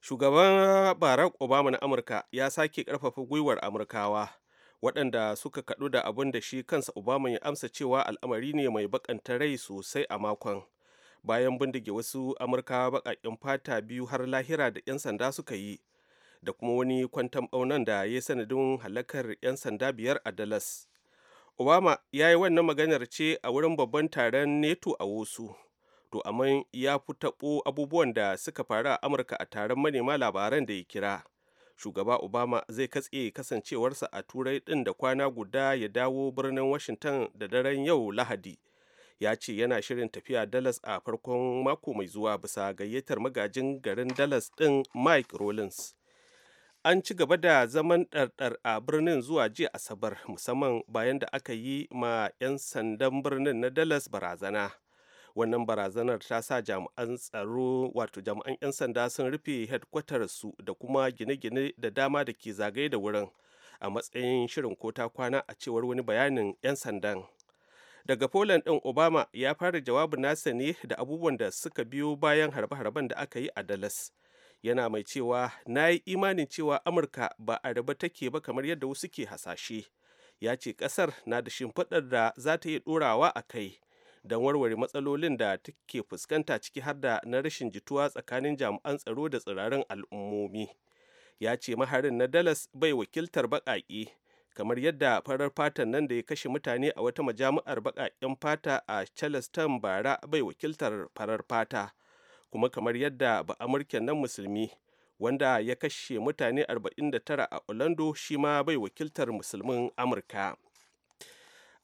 shugaban Barak obama na amurka ya sake karfafa gwiwar amurkawa waɗanda suka kaɗu da abin da shi kansa obama ya amsa cewa al'amari ne mai bakanta rai sosai a makon bayan bindige wasu amurkawa baƙaƙen fata biyu har lahira da 'yan sanda suka yi da kuma wani kwantan ɓaunan da ya sanadin halakar 'yan sanda biyar a dallas obama ya yi wannan maganar ce a wurin babban taron neto a wasu to amma ya fi taɓo abubuwan da suka faru a amurka a taron manema labaran da ya kira shugaba obama zai katse kasancewarsa a turai ɗin da kwana guda ya dawo birnin washington da daren yau lahadi ya ce yana shirin tafiya dallas a farkon mako mai zuwa bisa gayyatar magajin garin dallas ɗin mike rollins an ci gaba da zaman ɗarɗar a birnin zuwa jiya asabar musamman bayan da aka yi ma 'yan sandan birnin na dallas barazana wannan barazanar ta sa jami'an tsaro wato jami'an 'yan sanda sun rufe headquarter su da kuma gine-gine da dama da ke zagaye da wurin a matsayin shirin ko ta kwana a cewar wani bayanin 'yan sandan daga poland ɗin obama ya fara jawabin nasa ne da abubuwan da suka biyo bayan harbe-harben da aka yi a dallas yana mai cewa na yi imanin cewa amurka ba a raba take ba kamar yadda wasu ke hasashe ya ce ƙasar na da shimfiɗar da za ta yi ɗorawa a kai don warware matsalolin da take fuskanta ciki har da na rashin jituwa tsakanin jami'an tsaro da tsirarin al'ummomi ya ce maharin na dallas bai wakiltar baƙaƙe kamar yadda farar fatan nan da ya kashe mutane a wata majami'ar baƙaƙen fata a charleston bara bai wakiltar farar fata kuma kamar yadda ba amurken nan musulmi wanda ya kashe mutane 49 a orlando shi ma bai wakiltar musulmin amurka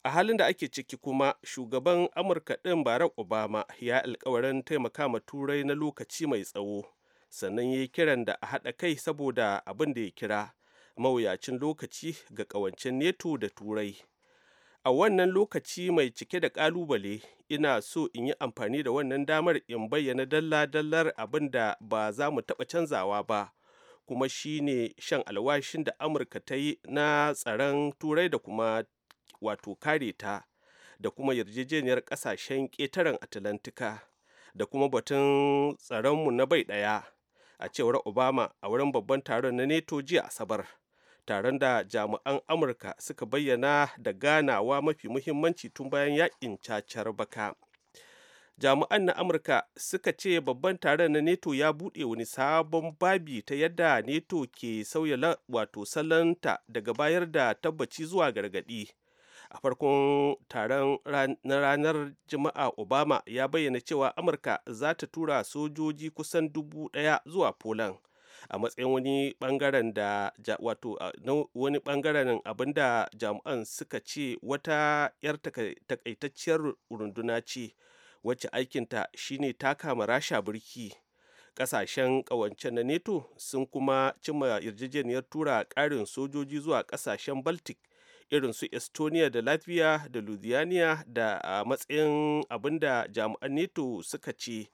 a halin da ake ciki kuma shugaban amurka ɗin Barak obama ya alkawarin taimaka ma turai na lokaci mai tsawo sannan ya yi kiran da a haɗa kai saboda abin da ya kira mawuyacin lokaci ga ƙawancen neto da turai a wannan lokaci mai cike da ƙalubale ina so in yi amfani da wannan damar in bayyana dalla-dallar abin da ba za mu taɓa canzawa ba kuma shine shan alwashin da amurka ta yi na tsaron turai da kuma wato kare ta da kuma yarjejeniyar ƙasashen ƙetaren atlantika da kuma batun tsaronmu na bai ɗaya a cewar obama a wurin babban taron na neto jiya asabar taron da jami'an amurka suka bayyana da ganawa mafi muhimmanci tun bayan yakin cacar baka jami'an na amurka suka ce babban taron na neto ya buɗe wani sabon babi ta yadda neto ke sauya wato salanta daga bayar da tabbaci zuwa gargaɗi a farkon taron na ranar juma'a obama ya bayyana cewa amurka za ta tura sojoji kusan dubu daya zuwa poland a matsayin wani bangaren da wato wani bangaren abinda jami'an suka ce wata 'yar takaitacciyar runduna ce wacce aikinta shine kama rasha birki kasashen kawance na neto sun kuma cimma yarjejeniyar tura ƙarin sojoji zuwa kasashen baltic irin su estonia da latvia da lithuania da a matsayin abinda jami'an neto suka ce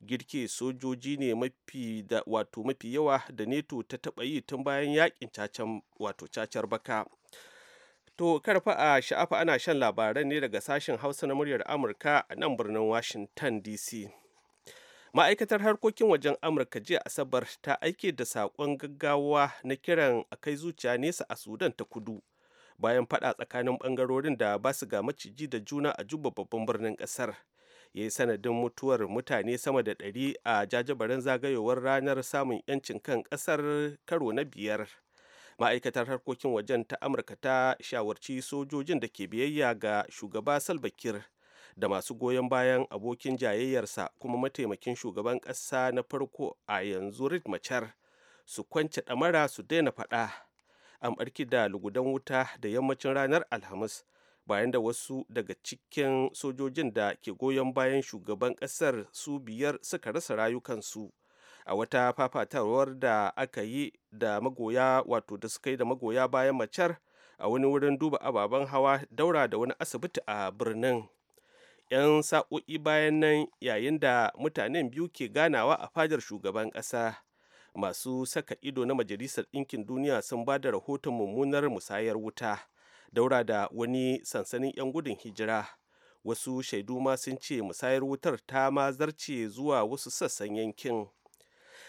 girke sojoji ne mafi da wato mafi yawa da neto ta taɓa yi tun bayan yakin cacan wato cacar baka to karfa a sha'afa ana shan labaran ne daga sashen hausa na muryar amurka a nan birnin washington dc ma'aikatar harkokin wajen amurka jiya asabar ta aike da saƙon gaggawa na kiran a kai zuciya nesa a sudan ta kudu bayan fada tsakanin bangarorin da ba su ga maciji da juna a juba babban birnin kasar ya yi sanadin mutuwar mutane sama da ɗari a jajibarin zagayowar ranar samun 'yancin kan ƙasar karo na biyar ma'aikatar harkokin wajen ta amurka ta shawarci sojojin da ke biyayya ga shugaba salbakir da masu goyon bayan abokin jayayyarsa kuma mataimakin shugaban ƙasa na farko a yanzu rid su kwance ɗamara su daina faɗa an barki da lugudan wuta da yammacin ranar alhamis bayan da wasu daga cikin sojojin da ke goyon bayan shugaban kasar su biyar suka rasa rayukansu a wata fafatawar da aka yi da magoya wato da suka yi da magoya bayan macar a wani wurin duba ababen hawa daura da wani asibiti a birnin 'yan sa'o'i bayan nan yayin da mutanen biyu ke ganawa a fadar shugaban ƙasa masu saka ido na majalisar ɗinkin duniya sun ba da rahoton mummunar musayar wuta daura da wani sansanin 'yan gudun hijira wasu shaidu ma sun ce musayar wutar ta ma zarce zuwa wasu sassan yankin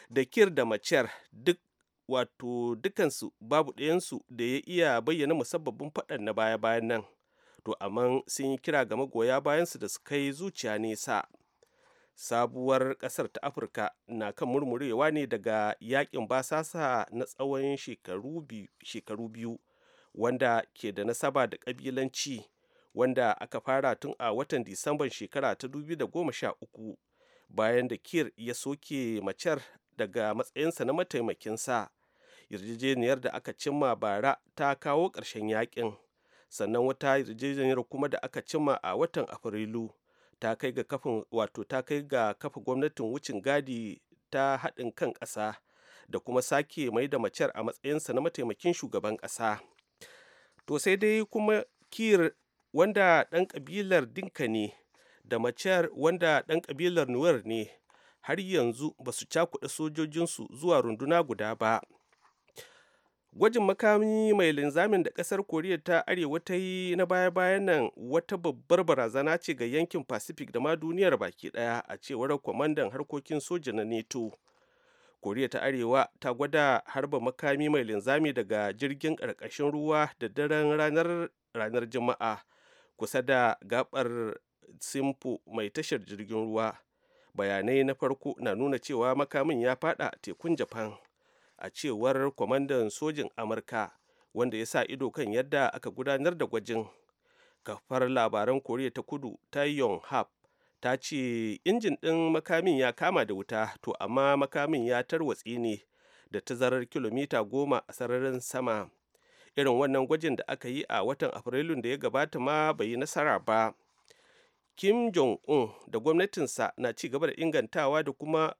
da kir da macer duk wato dukansu babu ɗayansu da ya iya bayyana musabbabin faɗan na baya-bayan nan to amma sun yi kira ga magoya bayansu da su kai zuciya nesa sabuwar kasar ta afirka na kan murmurewa ne daga yakin basasa na tsawon shekaru biyu wanda ke da nasaba da kabilanci wanda aka fara tun a watan disamban shekara ta 2013 bayan da kir ya soke macer daga matsayinsa na mataimakinsa yarjejeniyar da aka cimma bara ta kawo ƙarshen yakin sannan wata yarjejeniyar kuma da aka cimma a watan afrilu ta kai ga kafin wato ta kai ga kafa gwamnatin wucin gadi ta haɗin kan ƙasa da kuma sake mai da macer a matsayinsa na mataimakin shugaban ƙasa to sai dai kuma kir wanda ɗan ƙabilar dinka ne da macer wanda ɗan ƙabilar nuwar ne har yanzu ba su cakuɗa sojojinsu zuwa runduna guda ba gwajin makami mai linzamin da kasar koriya ta arewa ta yi na baya-bayan nan wata babbar barazana ce ga yankin pacific da ma duniyar baki daya a cewar kwamandan harkokin soja na neto koriya ta arewa ta gwada harba makami mai linzami daga jirgin ƙarƙashin ruwa da daren ranar ranar juma'a kusa da gabar simpo mai tashar jirgin ruwa bayanai na farko na nuna cewa makamin ya fada tekun japan a cewar kwamandan sojin amurka wanda ya sa ido kan yadda aka gudanar da gwajin kafar labaran koriya ta kudu ta yong hap ta ce injin ɗin makamin ya kama da wuta to amma makamin ya tarwatsi ne da tazarar kilomita goma a sararin sama irin wannan gwajin da aka yi a watan afrilun da ya gabata ma bai yi nasara ba kim jong-un da gwamnatinsa na ci gaba da ingantawa da kuma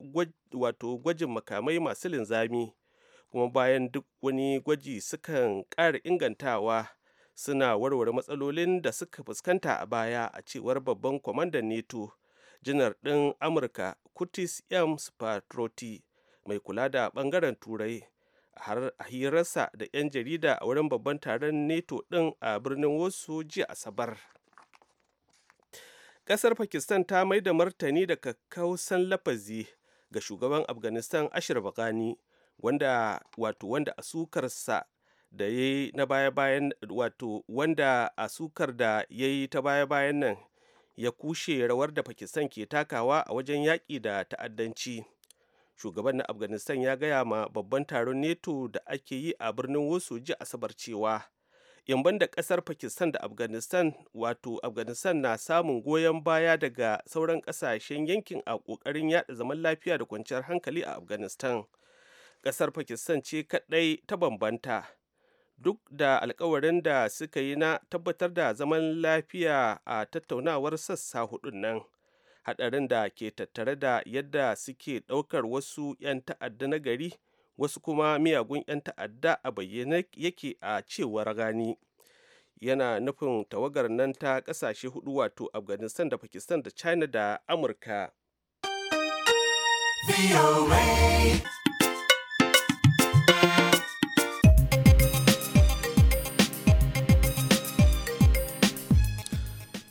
wato gwajin makamai masu linzami kuma bayan duk wani gwaji sukan ƙara ingantawa suna warware matsalolin da suka fuskanta a baya a cewar babban kwamandan neto janar ɗin amurka curtis m spatroti mai kula da ɓangaren turai a hirarsa da 'yan jarida a wurin babban taron neto ɗin a birnin wasu jiya asabar ƙasar pakistan ta mai da martani da kakkausan lafazi ga shugaban afghanistan ashir bakani wanda wato wanda asukarsa da ya na baya-bayan wato wanda asukar da ya yi ta baya-bayan nan ya kushe rawar da pakistan ke takawa a wajen yaƙi da ta'addanci shugaban na afghanistan ya gaya ma babban taron neto da ake yi a birnin wasu ji asabar cewa yamban da ƙasar pakistan da afghanistan wato afghanistan na samun goyon baya daga sauran ƙasashen yankin a ƙoƙarin yada zaman lafiya da kwanciyar hankali a afghanistan ƙasar pakistan ce kaɗai ta bambanta duk da alkawarin da suka yi na tabbatar da zaman lafiya a tattaunawar sassa hudun nan haɗarin da ke tattare da yadda suke ɗaukar wasu 'yan ta'adda na gari wasu kuma miyagun 'yan ta'adda a bayyane yake a cewar gani yana nufin tawagar nan ta ƙasashe hudu wato afghanistan da pakistan da china da amurka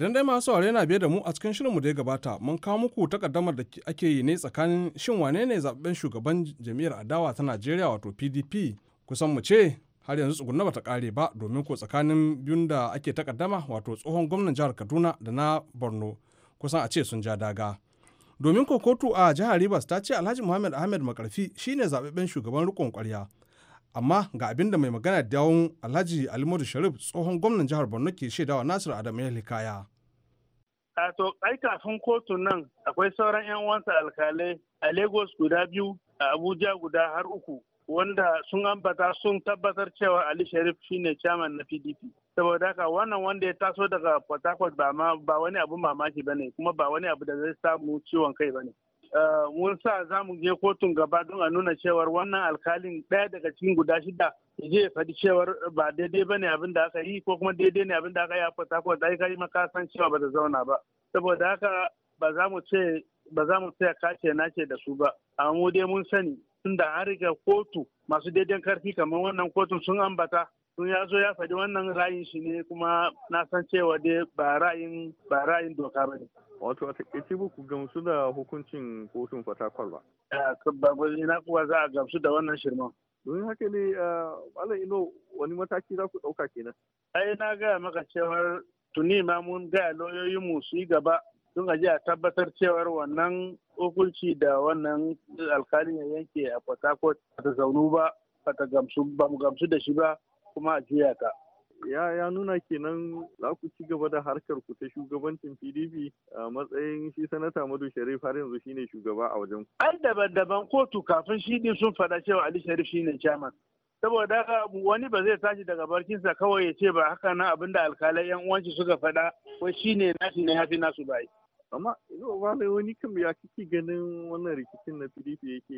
Idan dai masu saurare na biye da mu a cikin shirinmu da ya gabata mun kawo muku takaddamar da ake yi ne tsakanin shin wane ne zaɓen shugaban jam'iyyar adawa ta Najeriya wato PDP kusan mu ce har yanzu ba ta kare ba domin ko tsakanin biyun da ake takaddama wato tsohon gwamnan jihar Kaduna da na Borno kusan a ce sun ja daga. Domin ko kotu a jihar Rivers ta ce Alhaji Muhammad Ahmed Makarfi shine zaɓaɓɓen shugaban riƙon ƙwarya amma ga abin da mai magana dawon alhaji alimudu sharif tsohon gwamnan jihar borno ke shaidawa nasir adamu ya hikaya a to ai kafin kotu nan akwai sauran yan uwansa alkalai a lagos guda biyu a abuja guda har uku wanda sun ambata sun tabbatar cewa ali sharif shine chairman na pdp saboda haka wannan wanda ya taso daga port harcourt ba wani abu mamaki bane kuma ba wani abu da zai samu ciwon kai bane Eh, mun sa za mu je kotun gaba don a nuna cewar wannan alkalin ɗaya daga cikin guda shida je faɗi cewar ba daidai ba ne abin da aka yi ko kuma daidai ne abin da aka yi a fata ko da aka yi maka san cewa ba ta zauna ba saboda haka ba za mu ce ba za mu tsaya da su ba amma mu dai mun sani tunda an riga kotu masu daidai karfi kamar wannan kotun sun ambata sun ya zo ya faɗi wannan ra'ayin shi ne kuma na san cewa dai ba ra'ayin ba ra'ayin doka ba ne. Wato a takaice ba ku gamsu da hukuncin kotun fatakwal ba. Ba na kuwa za a gamsu da wannan shirman. Domin haka ne Allah ino wani mataki za ku ɗauka kenan. Ai na gaya maka cewar tuni ma mun gaya lauyoyinmu su yi gaba sun aji a tabbatar cewar wannan hukunci da wannan alkalin ya yanke a Fatakwal ba ta zaunu ba ba ta gamsu ba mu gamsu da shi ba kuma a jiya ta. ya ya nuna kenan za ku ci gaba da harkar ku ta shugabancin PDP a matsayin shi sanata Madu Sharif har yanzu shine shugaba a wajen ku. An daban-daban kotu kafin shi din sun faɗa cewa Ali Sharif shine chairman. Saboda wani ba zai tashi daga barkinsa kawai ya ce ba haka na abin da alkalai yan uwanci suka faɗa ko shine nashi ne hafi nasu bai. Amma yau ba wani kam ya kike ganin wannan rikicin na PDP yake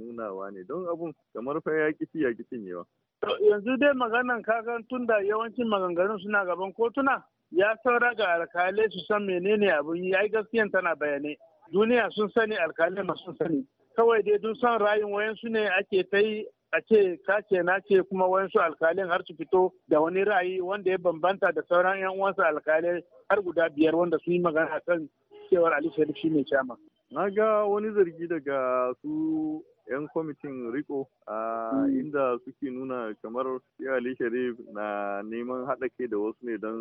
nunawa ne don abun kamar fa ya kici ya kicin yawa. yanzu dai maganan kagan tunda yawancin maganganun suna gaban kotuna ya saura ga alkalai su san menene abin yi ai gaskiyan tana bayane duniya sun sani alkalai masu sani kawai dai dun san wayan wayansu ne ake ta yi a ce ce na ce kuma wayansu alkalin har su fito da wani ra'ayi wanda ya bambanta da sauran yan uwansa alkalai har guda biyar wanda sun yi magana kan cewar ali sharif shi ne chama na ga wani zargi daga su 'yan kwamitin riko hmm. inda suke nuna kamar ali sharif na neman haɗa kai da wasu ne don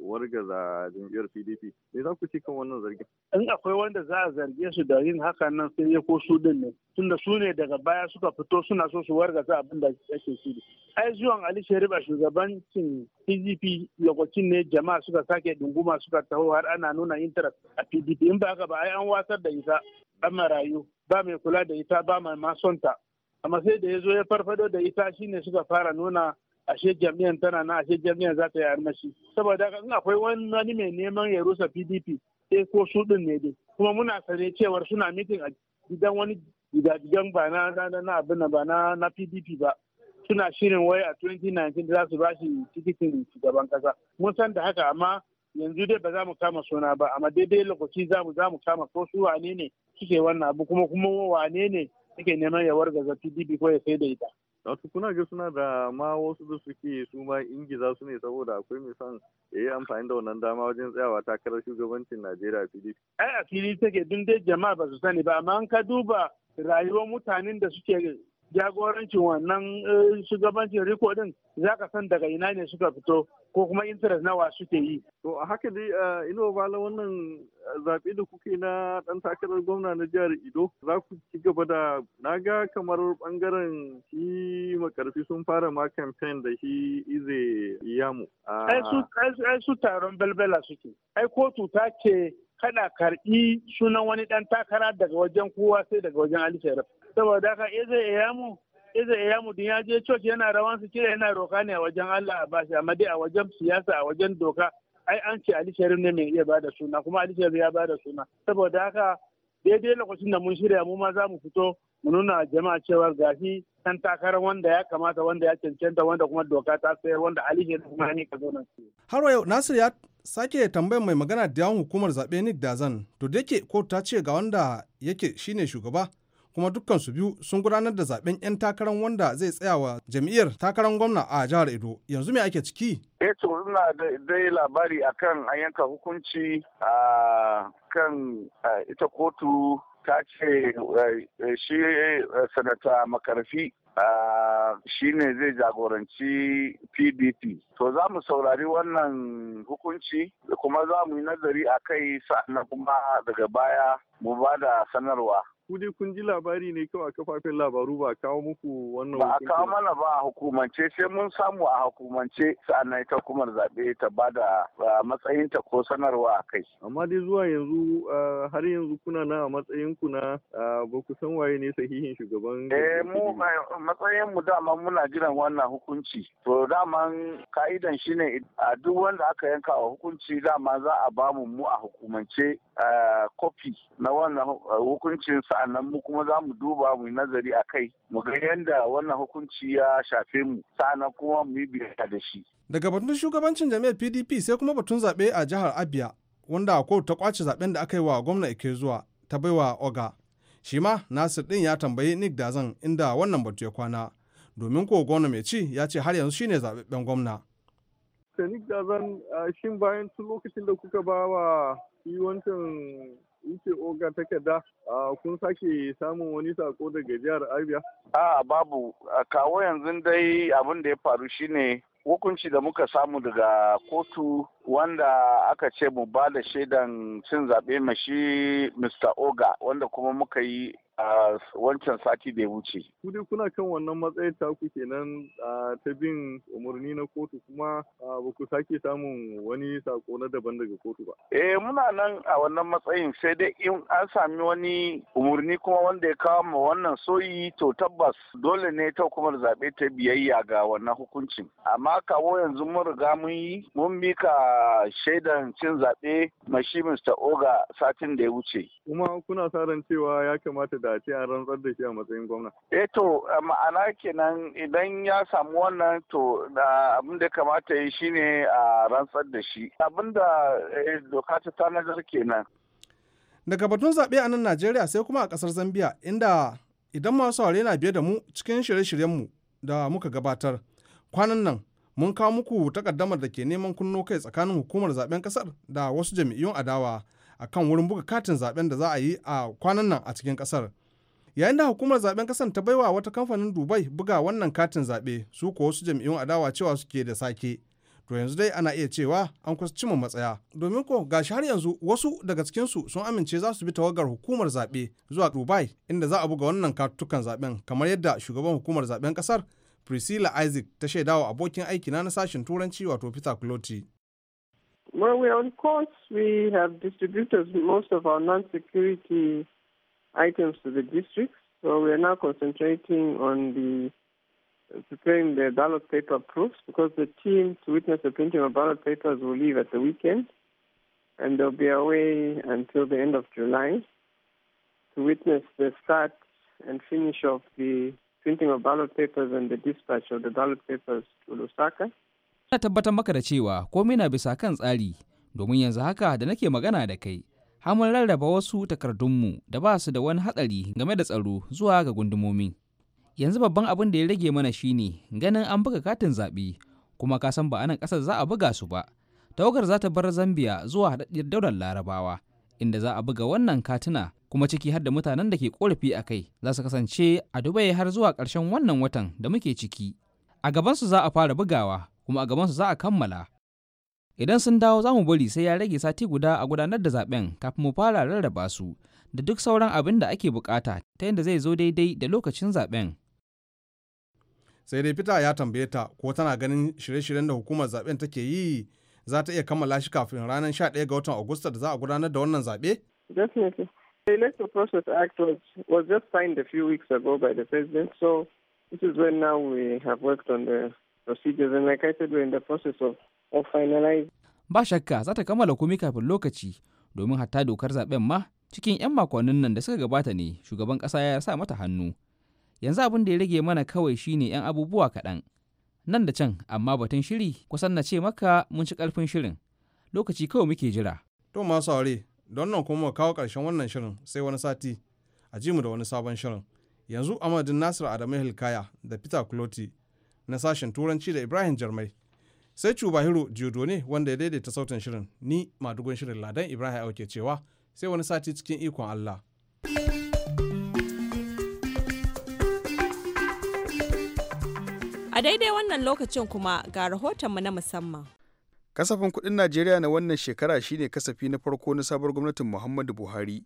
wargaza jam'iyyar pdp me za ku ci kan wannan zargin in akwai wanda za a zarge su da yin haka nan sai ya ko su din ne tunda su ne daga baya suka fito suna so su wargaza abin da ake shiri ai zuwan ali sharif a shugabancin pdp lokacin ne jama'a suka sake dunguma suka taho har ana nuna interest a pdp in ba haka ba ai an wasar da isa an marayu ba mai kula da ita ba mai masonta amma sai da ya zo ya farfado da ita shi ne suka fara nuna ashe jami'an tana na ashe jami'an za ta yi armashi saboda in akwai wani mai neman ya rusa pdp sai ko su din ne dai kuma muna sane cewar suna mitin a gidan wani gidajen ba na na abin ba na pdp ba suna shirin wai a 2019 za su shi tikitin shugaban kasa mun san da haka amma yanzu dai ba za mu kama suna ba amma daidai lokaci za mu za mu kama ko su wane ne suke wannan abu kuma kuma wane ne suke neman ya wargaza PDP ko ya sai da ita. Wato kuna ga suna da ma wasu da suke su ma ingiza su ne saboda akwai mai son ya yi amfani da wannan dama wajen tsayawa takarar shugabancin Najeriya PDP. Ai a fili take dun dai jama'a ba su sani ba amma an ka duba rayuwar mutanen da suke jagorancin wannan eh, shugabancin riko din za ka san daga ina ne suka fito ko kuma interest nawa suke yi. To a haka dai a ino bala wannan eh, zaɓe da kuke na ɗan takarar gwamna na jihar Ido za ku ci gaba da na ga kamar ɓangaren shi makarfi sun fara ma kamfen da shi ize yamu. Ai su taron belbela suke. Ai kotu ta ce kada karɓi sunan wani dan takara daga wajen kowa sai daga wajen Ali Sharif. Saboda haka Eze yamu Eze yamu din ya je coci yana rawan su kira yana roka ne a wajen Allah a bashi amma dai a wajen siyasa a wajen doka ai an ce Ali Sharif ne mai iya bada suna kuma Ali Sharif ya bada suna. Saboda haka daidai lokacin da mun shirya mu ma za mu fito mu nuna jama'a cewa gashi san takarar wanda ya kamata wanda ya cancanta wanda kuma doka ta sayar wanda Ali Sharif kuma ne ka zo nan. Har yau Nasir ya sake tambayar mai magana da yawon hukumar zaɓe Nick Dazan to da yake kotu ta ce ga wanda yake shine shugaba kuma dukkan su biyu sun gudanar da zaɓen 'yan takarar wanda zai tsaya wa jam'iyyar takarar gwamna a jihar Edo yanzu me ake ciki? Eh to ina dai labari akan an yanka hukunci a kan ita kotu ta ce shi eh, sanata makarfi shi ne zai jagoranci pdp to za mu saurari wannan hukunci kuma za mu yi nazari a kai sa'annan kuma daga baya mu ba da sanarwa ku dai kun ji labari ne kawai a kafafen labaru ba kawo muku wannan ba a kawo mana ba a hukumance sai mun samu a hukumance sa'annan ita hukumar zaɓe ta ba da matsayinta ko sanarwa a kai amma dai zuwa yanzu har yanzu kuna na a matsayin ku na ba ku san waye ne sahihin shugaban eh mu matsayin mu dama muna jiran wannan hukunci to dama ka'idan shine a duk wanda aka yanka wa hukunci dama za a bamu mu a hukumance kofi na wannan hukuncin sa'annan mu kuma za mu duba mu nazari a kai mu ga yadda wannan hukunci ya shafe mu sa'annan kuma mu yi biyayya da shi. Daga batun shugabancin jami'ar PDP sai kuma batun zaɓe a jihar Abia wanda ko ta kwace zaɓen da aka yi wa gwamna ike zuwa ta baiwa Oga. Shi ma Nasir din ya tambayi Nick Dazan inda wannan batu ya kwana. Domin ko gwamna mai ci ya ce har yanzu shine zaɓaɓɓen gwamna. Nick Dazan shin bayan tun lokacin da kuka ba wa yi wancan ce oga da kun sake samun wani sako daga jihar abia a babu kawo yanzu dai abin da ya faru shine hukunci da muka samu daga kotu wanda aka ce mu ba da shaidan cin zaɓe mashi mr oga wanda kuma muka yi a wancan sati da ya wuce. Ku dai kuna kan wannan matsayin taku kenan ta bin umarni na kotu kuma ba ku sake samun wani sako na daban daga kotu ba. Eh muna nan a wannan matsayin sai dai in an sami wani umarni kuma wanda ya kawo ma wannan soyi to tabbas dole ne ta hukumar zaɓe ta biyayya ga wannan hukuncin. Amma kawo yanzu mun riga mun yi mun mika shaidan cin zaɓe mashi Mr. Oga satin da ya wuce. Kuma kuna sa ran cewa ya kamata da a rantsar da shi a matsayin gwamna. Eh to ma'ana kenan idan ya samu wannan to da abin da kamata yi shine a rantsar da shi. Abin da eh, doka ta tanadar kenan. Daga batun zaɓe a nan Najeriya sai kuma a ƙasar Zambiya inda idan masu saurare na biye da mu cikin shirye-shiryenmu da muka gabatar. Kwanan nan mun kawo muku takaddamar da ke neman kunno kai tsakanin hukumar zaben ƙasar da wasu jami'un adawa. a kan wurin buga katin zaben da za a yi a kwanan nan a cikin kasar yayin da hukumar zaben kasar ta baiwa wata kamfanin dubai buga wannan katin zaɓe su ko wasu jam'iyyun adawa cewa suke da sake to yanzu dai ana iya cewa an kusa cimma matsaya domin ko gashi har yanzu wasu daga cikin su sun amince za su bi tawagar hukumar zaɓe zuwa dubai inda za a buga wannan katukan zaɓen kamar yadda shugaban hukumar zaɓen kasar priscilla isaac ta shaidawa abokin aikina na sashen turanci wato peter clotty Well, we're on course. We have distributed most of our non-security items to the districts, so we are now concentrating on the uh, preparing the ballot paper proofs because the team to witness the printing of ballot papers will leave at the weekend and they'll be away until the end of July to witness the start and finish of the printing of ballot papers and the dispatch of the ballot papers to Lusaka. na tabbatar maka da cewa komai na bisa kan tsari domin yanzu haka da nake magana da kai mun rarraba wasu takardunmu da ba su da wani hatsari game da tsaro zuwa ga gundumomi yanzu babban abin da ya rage mana shine ganin an buga katin zaɓe kuma ka san ba anan ƙasar za a buga su ba tawagar za ta bar zambia zuwa haɗaɗɗiyar daular larabawa inda za a buga wannan katina kuma ciki har da mutanen da ke ƙorafi a kai za su kasance a dubai har zuwa ƙarshen wannan watan da muke ciki a gabansu za a fara bugawa kuma a gabansu za a kammala idan sun dawo za mu bari sai ya rage sati guda a gudanar da zaben kafin mu fara rarraba su da duk sauran abin da ake bukata ta yadda zai zo daidai da lokacin zaben sai dai fita ya tambaye ta ko tana ganin shirye-shiryen da hukumar zaben take yi za ta iya kammala shi kafin ranar sha 11 ga watan agusta da za a gudanar da wannan zaɓe? the electoral process act was, was just signed a few weeks ago by the president so this is when now we have worked on the procedures and like I said we're in the process of, of finalizing. Ba shakka za ta kammala komai kafin lokaci domin hatta dokar zaben ma cikin 'yan makonnin nan da suka gabata ne shugaban ƙasa ya sa mata hannu. Yanzu abin da ya rage mana kawai shine 'yan abubuwa kaɗan. Nan da can amma batun shiri kusan na ce maka mun ci ƙarfin shirin. Lokaci kawai muke jira. To masu aure don nan kuma kawo ƙarshen wannan shirin sai wani sati a ji mu da wani sabon shirin. Yanzu Amadu Nasir Adamu Hilkaya da Peter Kuloti na sashen turanci da ibrahim jarmai sai cubahiro ne wanda ya daidaita sautin shirin ni madugun shirin ladan ibrahim auke cewa sai wani sati cikin ikon allah a daidai wannan lokacin kuma ga rahotonmu na musamman kasafin kudin najeriya na wannan shekara shine kasafi na farko na sabon gwamnatin muhammadu buhari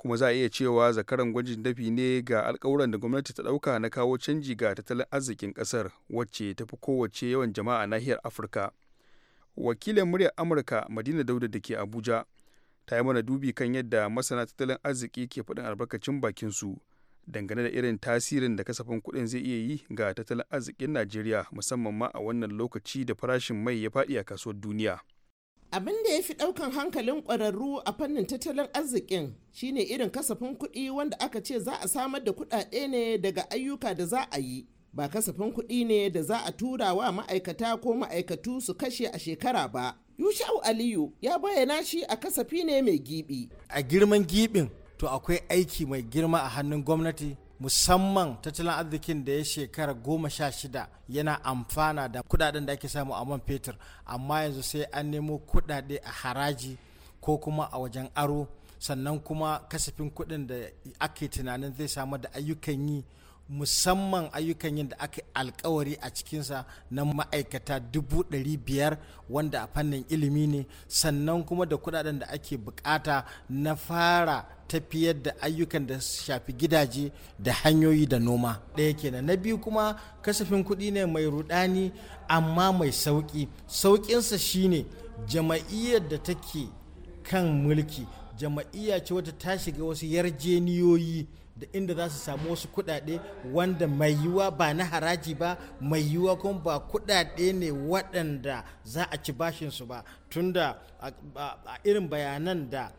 kuma za a iya cewa zakaran gwajin dafi ne ga alkawuran da gwamnati ta ɗauka na kawo canji ga tattalin arzikin ƙasar wacce ta fi kowace yawan jama'a nahiyar afirka wakilin muryar amurka madina dauda da ke abuja ta yi mana dubi kan yadda masana tattalin arziki ke faɗin albarkacin bakin su dangane da irin tasirin da kasafin kuɗin zai iya yi ga tattalin arzikin najeriya musamman ma a wannan lokaci da farashin mai ya faɗi a kasuwar duniya abin da ya fi ɗaukan hankalin ƙwararru a fannin tattalin arzikin shine irin kasafin kuɗi wanda aka ce za a samar da kuɗaɗe ne daga ayyuka da za a yi ba kasafin kuɗi ne da za a tura wa ma'aikata ko ma'aikatu su kashe a shekara ba yushau aliyu ya bayyana shi a kasafi ne mai giɓi. a girman giɓin, to akwai aiki mai girma a hannun gwamnati musamman tattalin arzikin da ya shekara goma sha shida yana amfana da kudaden da ake samu a man fetur amma yanzu sai an nemo kudade a haraji ko kuma a wajen aro sannan kuma kasafin kudin da ake tunanin zai samu da ayyukan yi musamman ayyukan yin da aka alkawari a cikinsa na ma'aikata dubu ɗari biyar wanda a fannin ilimi ne sannan kuma da kudaden da ake bukata na fara tafiyar da ayyukan da shafi gidaje da hanyoyi da noma ɗaya kenan na biyu kuma kasafin kuɗi ne mai rudani amma mai sauƙi sauƙinsa shine jama'iyyar da take kan mulki jama'iyya ce wata ta shiga wasu yarjeniyoyi da inda za su samu wasu kudade wanda mai yiwuwa ba na haraji ba mai yiwuwa kuma ba kudade ne waɗanda za a ci bashin su ba tunda a irin bayanan da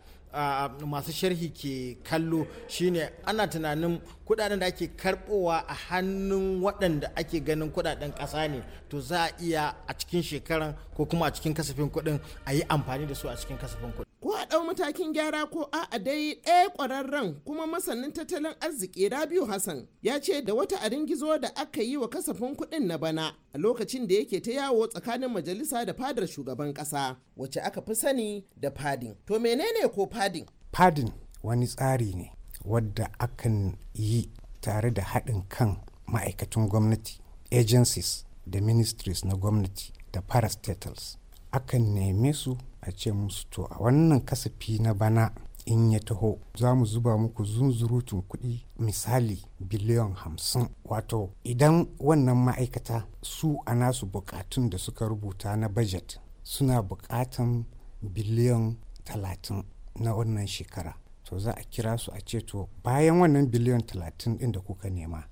masu sharhi ke kallo shine ana tunanin kudaden da ake karbowa a hannun waɗanda ake ganin kudaden kasa ne to za a iya a cikin shekaran ko kuma a cikin kasafin kuɗin a yi amfani da su a cikin kasafin kuɗi. ko a ɗau matakin gyara ko a dai ɗaya ƙwararren kuma masanin tattalin arziki rabiu hassan ya ce da wata arin gizo da aka yi wa kasafin kuɗin na bana a lokacin da yake ta yawo tsakanin majalisa da fadar shugaban ƙasa wacce aka fi sani da fadin to menene ko fadin fadin wani tsari ne wadda akan yi tare da haɗin kan ma'aikatan gwamnati agencies da ministries na gwamnati da parastatals akan neme su a ce musu to a wannan kasafi na bana in ya taho za mu zuba muku zunzurutun kuɗi misali biliyon hamsin wato idan wannan ma'aikata su a nasu bukatun da suka rubuta na bajet suna bukatan biliyon talatin na wannan shekara to za a kira su a ce to bayan wannan biliyon talatin ɗin da kuka nema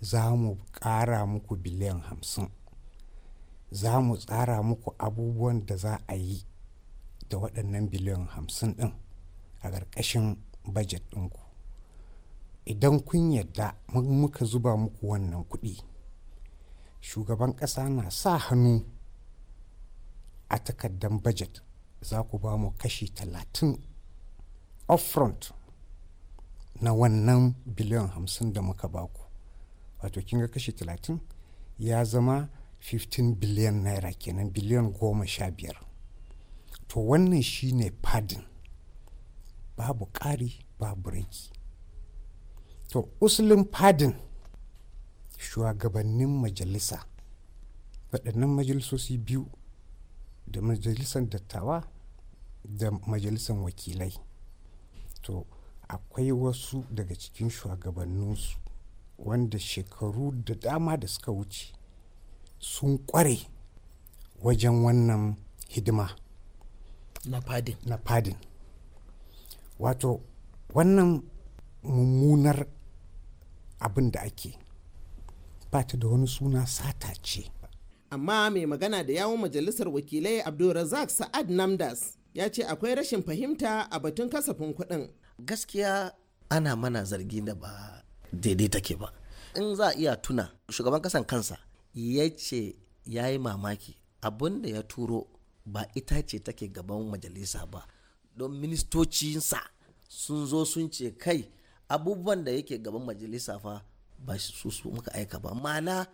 za mu ƙara muku biliyan hamsin za mu tsara muku abubuwan da za a yi da waɗannan biliyan hamsin ɗin a ƙarƙashin bajet ɗinku idan kun yadda muka zuba muku wannan kuɗi shugaban ƙasa na sa hannu a takaddan bajet za ku ba mu kashi talatin upfront na wannan biliyan hamsin da muka ba ku wato kin ga kashi talatin ya zama 15 biliyan naira kenan biliyan goma sha biyar to wannan shine fadin babu ƙari babu raki to usulin fadin shugabannin majalisa waɗannan majalisosi biyu da majalisar dattawa da majalisar wakilai to akwai wasu daga cikin shugabanninsu wanda shekaru da dama da suka wuce sun kware wajen wannan hidima na fadin na fadin wato wannan mummunar abin da ake ba ta da wani suna sata ce amma mai magana da yawon majalisar wakilai abdulrazak sa'ad namdas ya ce akwai rashin fahimta a batun kasafin kuɗin gaskiya ana mana zargi da ba daidai take ba in za a iya tuna shugaban kasan kansa ya ce ya yi mamaki abin da ya turo ba ita ce take gaban majalisa ba don ministocinsa sun zo sun ce kai abubuwan da yake gaban majalisa fa ba su su muka aika ba mana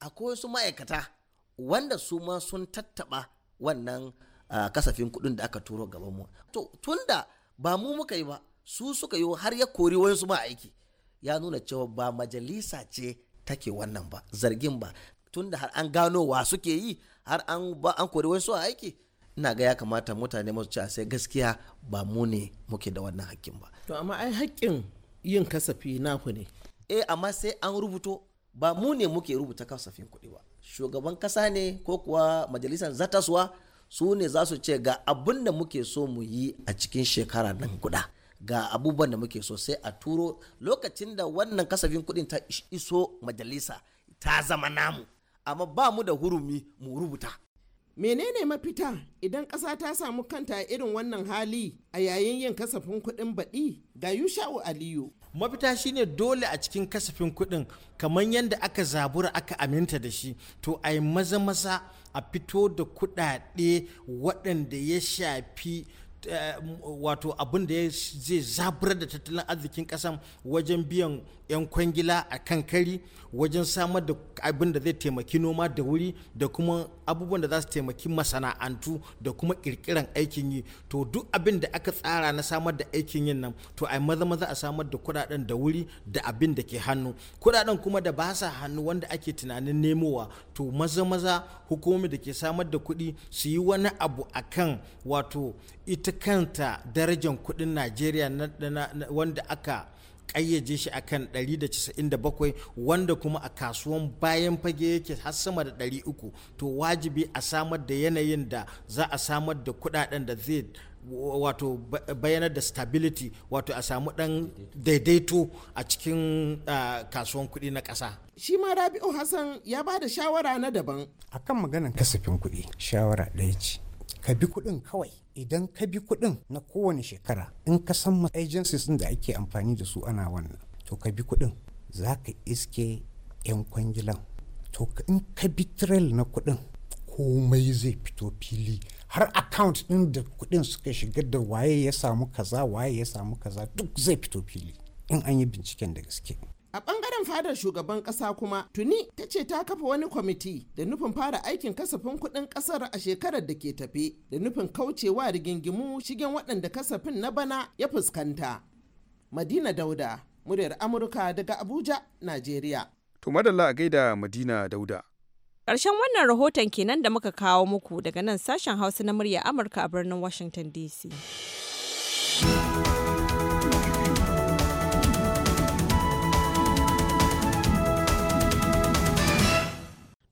akwai wasu ma'aikata wanda su ma sun tattaba wannan uh, kasafin kudin da aka turo gaban mu to tunda ba mu muka yi ba su suka yi har ya kori wasu ma aiki ya nuna cewa ba majalisa ce take wannan ba zargin ba tun da har an gano wa suke yi har an ba an kori wasu a aiki ina ga ya kamata mutane masu ci sai gaskiya ba mu ne muke da wannan hakkin ba to amma ai hakkin yin kasafi naku ne eh amma sai an rubuto ba mu ne muke rubuta kasafin kuɗi ba shugaban kasa ne ko kuwa majalisar zataswa su ne za su ce ga abin da muke so mu yi a cikin shekara nan guda ga abubuwan da muke so sai a turo lokacin da wannan kasafin kuɗin ta iso majalisa ta zama namu amma ba mu da hurumi mu rubuta menene mafita idan ƙasa ta samu kanta irin wannan hali a yayin yin kasafin kuɗin baɗi ga yusha'u aliyu mafita shine dole a cikin kasafin kuɗin kamar yadda aka zabura aka aminta da shi to a yi maza maza a fito da kuɗaɗe waɗanda ya shafi eh, wato abin da zai zaburar da tattalin arzikin ƙasan wajen biyan 'yan kwangila a kan kari wajen samar da abin da zai taimaki noma da wuri da kuma abubuwan da za su taimaki masana'antu da kuma kirkiran aikin yi to duk abin da aka tsara na samar da aikin yin nan to a maza maza a samar da kudaden da wuri da abin da ke hannu kudaden kuma da ba sa hannu wanda ake tunanin nemowa to maza maza hukumomi da ke samar da kuɗi su yi wani abu a kan wato ita kanta darajar kuɗin najeriya wanda aka kayyaje shi a kan 197 wanda kuma a kasuwan bayan fage yake har sama da 300 to wajibi a samar da yanayin da za a samar da kudaden da zai wato bayanar da stability wato a samu dan daidaito a cikin kasuwan kuɗi na ƙasa. shi ma rabi'u hassan ya ba da shawara na daban akan maganan kasafin kuɗi shawara ɗaya ce ka bi kuɗin kawai idan ka bi kuɗin na kowane shekara in ka san agencies ɗin da ake amfani da su ana wannan to ka bi kuɗin za ka iske 'yan kwangilan to in ka bi trail na kuɗin komai zai fito fili har account ɗin da kuɗin suka shiga da waye ya samu kaza waye ya samu kaza duk zai fito fili in an yi binciken da gaske a bangaren fadar shugaban kasa kuma tuni ta ce ta kafa wani kwamiti da nufin fara aikin kasafin kuɗin ƙasar a shekarar da ke tafe da nufin kaucewa rigingimu shigen waɗanda kasafin na bana ya fuskanta madina dauda muryar amurka daga abuja najeriya to madalla a gaida madina dauda Ƙarshen wannan rahoton kenan da muka kawo muku daga nan sashen hausa na murya amurka a birnin washington dc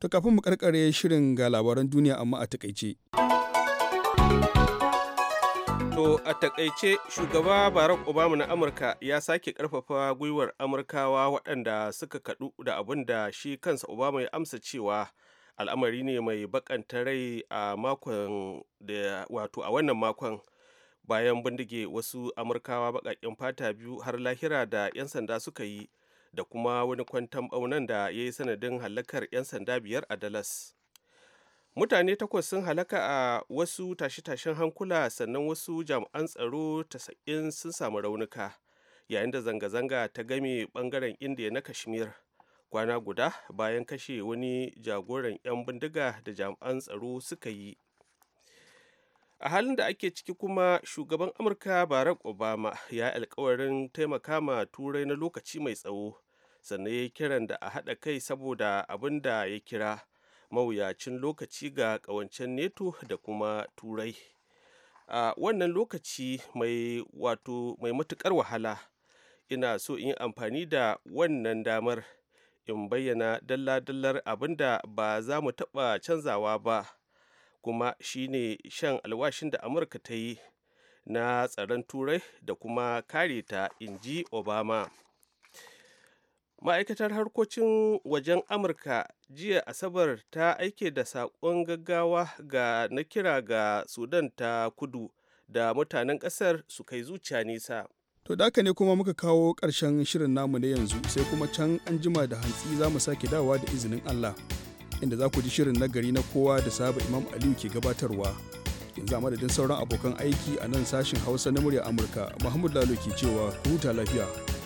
To kafin mu karkare shirin ga labaran duniya amma a takaice. To a takaice shugaba Barack Obama na Amurka ya sake karfafa gwiwar Amurkawa waɗanda suka kaɗu da abin da shi kansa Obama ya amsa cewa al'amari ne mai bakanta rai a makon da wato a wannan makon bayan bindige wasu Amurkawa baƙaƙen fata biyu har lahira da 'yan sanda suka yi. da kuma wani kwantan ɓaunan da ya yi sanadin halakar 'yan sanda biyar a Dallas. Mutane takwas sun halaka a wasu tashe-tashen hankula sannan wasu jami'an tsaro 90 sun samu raunuka yayin da zanga-zanga ta game bangaren indiya na Kashmir. Kwana guda bayan kashe wani jagoran 'yan bindiga da jami'an tsaro suka yi. a halin da ake ciki kuma shugaban amurka barack obama ya yi alkawarin taimaka ma turai na lokaci mai tsawo sannan ya yi kiran da a haɗa kai saboda abin da ya kira mawuyacin lokaci ga ƙawancen neto da kuma turai a wannan lokaci mai wato mai matuƙar wahala ina so in yi amfani da wannan damar in bayyana dalla-dallar abin da ba za mu taɓa canzawa ba kuma shine shan alwashin da amurka ta yi na tsaron turai da kuma kare ta in ji obama ma'aikatar harkokin wajen amurka jiya asabar ta aike da saƙon gaggawa ga na kira ga sudan ta kudu da mutanen ƙasar su kai zuciya nisa to da ne kuma muka kawo ƙarshen shirin namu na yanzu sai kuma can an jima da hantsi za mu sake dawa da izinin allah inda za ku ji shirin na gari na kowa da saba imam aliyu ke gabatarwa yanzu a madadin sauran abokan aiki a nan sashin hausa na murya amurka muhammadu lalo ke cewa ku huta lafiya